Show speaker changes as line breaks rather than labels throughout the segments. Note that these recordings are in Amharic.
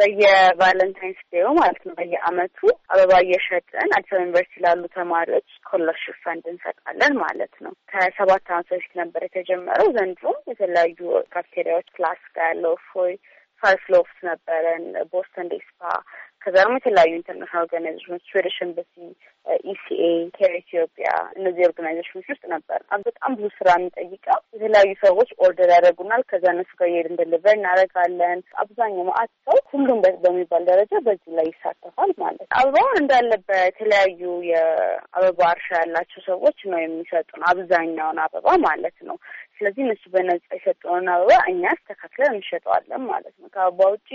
በየቫለንታይንስ ዴው ማለት ነው በየአመቱ አበባ እየሸጥን አዲስ አበባ ዩኒቨርሲቲ ላሉ ተማሪዎች ስኮለርሽፕ ፈንድ እንሰጣለን ማለት ነው። ከሰባት አመት በፊት ነበር የተጀመረው። ዘንድሮም የተለያዩ ካፍቴሪያዎች ክላስ ጋር ያለው ፎይ ፋርስሎፍት ነበረን ቦስተን ዴስፓ ከዛ ደግሞ የተለያዩ ኢንተርናሽናል ኦርጋናይዜሽኖች ስዊዲሽ ኤምባሲ፣ ኢሲኤ፣ ኬር ኢትዮጵያ እነዚህ ኦርጋናይዜሽኖች ውስጥ ነበር። በጣም ብዙ ስራ የሚጠይቀው የተለያዩ ሰዎች ኦርደር ያደርጉናል። ከዛ እነሱ ጋር እየሄድን ደሊቨር እናደርጋለን። አብዛኛው ማአት ሰው ሁሉም በሚባል ደረጃ በዚህ ላይ ይሳተፋል ማለት ነው። አበባውን እንዳለ በተለያዩ የአበባ እርሻ ያላቸው ሰዎች ነው የሚሰጡን አብዛኛውን አበባ ማለት ነው። ስለዚህ እነሱ በነጻ የሰጠውን አበባ እኛ አስተካክለን እንሸጠዋለን ማለት ነው። ከአበባ ውጪ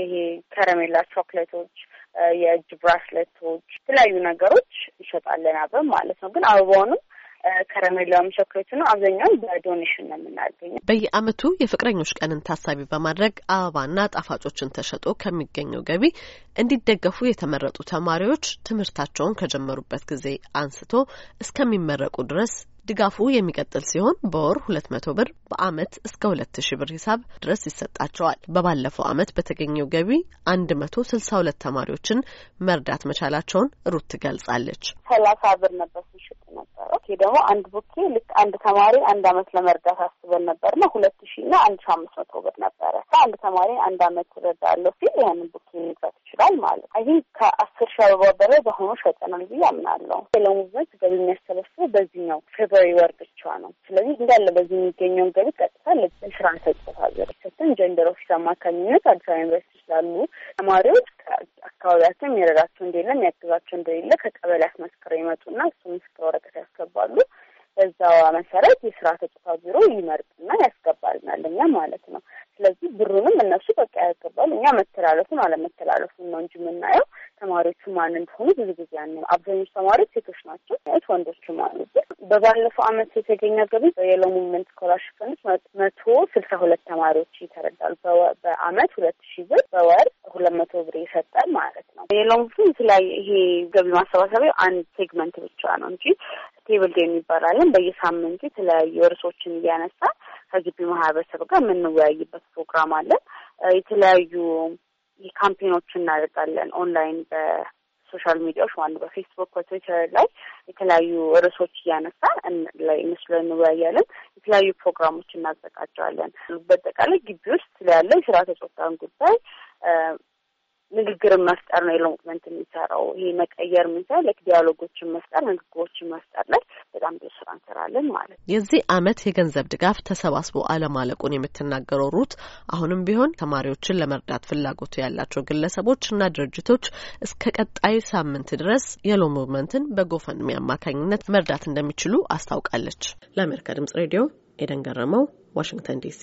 ይሄ ከረሜላ፣ ቾክሌቶች፣ የእጅ ብራስሌቶች፣ የተለያዩ ነገሮች እንሸጣለን አበብ ማለት ነው። ግን አበባውንም ከረሜላ ቸኮሌት ነው አብዛኛውን በዶኔሽን
ነው የምናገኘው። በየአመቱ የፍቅረኞች ቀንን ታሳቢ በማድረግ አበባና ጣፋጮችን ተሸጦ ከሚገኘው ገቢ እንዲደገፉ የተመረጡ ተማሪዎች ትምህርታቸውን ከጀመሩበት ጊዜ አንስቶ እስከሚመረቁ ድረስ ድጋፉ የሚቀጥል ሲሆን በወር ሁለት መቶ ብር በአመት እስከ ሁለት ሺ ብር ሂሳብ ድረስ ይሰጣቸዋል። በባለፈው አመት በተገኘው ገቢ አንድ መቶ ስልሳ ሁለት ተማሪዎችን መርዳት መቻላቸውን ሩት ትገልጻለች።
ሰላሳ ብር ነበር ሲሸጥ ነበረው። ኦኬ ደግሞ አንድ ቡኬ ልክ አንድ ተማሪ አንድ አመት ለመርዳት አስበን ነበር ሁለት ሺ እና አንድ ሺ አምስት መቶ ብር ነበረ። አንድ ተማሪ አንድ አመት ረዳለሁ ሲል ይህንን ቡኬ ይሸጣል ማለት አይ ቲንክ ከአስር ሺ አበባ በላይ በአሁኑ ሸጠናል ብዬ አምናለሁ። ሌላው ሙቭመንት ገቢ የሚያሰበስበው በዚህኛው ፌብሪ ወር ብቻ ነው። ስለዚህ እንዳለ በዚህ የሚገኘውን ገቢ ቀጥታ ለስራ እንሰጥበታለን። ሰተን ጀንደር ኦፊስ አማካኝነት አዲስ አበባ ዩኒቨርሲቲ ስላሉ ተማሪዎች አካባቢያቸው የሚረዳቸው እንደሌለ የሚያግዛቸው እንደሌለ ከቀበሌ አስመስክረው ይመጡና እሱ ምስክር ወረቀት ያስገባሉ። በዛ መሰረት የስራ ተጽፋ ቢሮ ይመርጥና ያስገባልናል እኛ ማለት ነው። ስለዚህ ብሩንም እነሱ በቃ ያገባል። እኛ መተላለፉን አለመተላለፉን ነው እንጂ የምናየው ተማሪዎቹ ማን እንደሆኑ ብዙ ጊዜ ያንም አብዛኞቹ ተማሪዎች ሴቶች ናቸው፣ ት ወንዶችም አሉ። በባለፈው አመት የተገኘ ገቢ በየሎ ሙቭመንት ስኮላርሽፕ መቶ ስልሳ ሁለት ተማሪዎች ይተረዳል። በአመት ሁለት ሺ ብር በወር ሁለት መቶ ብር ይሰጣል ማለት ነው። የሎ ሙቭመንት ላይ ይሄ ገቢ ማሰባሰቢያ አንድ ሴግመንት ብቻ ነው እንጂ ቴብል ዴይ የሚባል በየሳምንቱ የተለያዩ እርሶችን እያነሳ ከግቢ ማህበረሰብ ጋር የምንወያይበት ፕሮግራም አለ። የተለያዩ ካምፔኖች እናደርጋለን ኦንላይን በሶሻል ሚዲያዎች ማለት ነው። በፌስቡክ በትዊተር ላይ የተለያዩ ርዕሶች እያነሳን እነሱ ላይ እንወያያለን። የተለያዩ ፕሮግራሞች እናዘጋጀዋለን። በአጠቃላይ ግቢ ውስጥ ስላለው የስራ ተጾታን ጉዳይ ንግግርን መፍጠር ነው የሎንግመንት የሚሰራው። ይሄ መቀየር ምንሳ ለክ ዲያሎጎችን መፍጠር ንግግሮችን መፍጠር ላይ በጣም ብዙ ስራ እንሰራለን ማለት
ነው። የዚህ አመት የገንዘብ ድጋፍ ተሰባስቦ አለማለቁን የምትናገረው ሩት፣ አሁንም ቢሆን ተማሪዎችን ለመርዳት ፍላጎቱ ያላቸው ግለሰቦች እና ድርጅቶች እስከ ቀጣይ ሳምንት ድረስ የሎንግመንትን በጎፈንድሚ አማካኝነት መርዳት እንደሚችሉ አስታውቃለች። ለአሜሪካ ድምጽ ሬዲዮ ኤደን ገረመው፣ ዋሽንግተን ዲሲ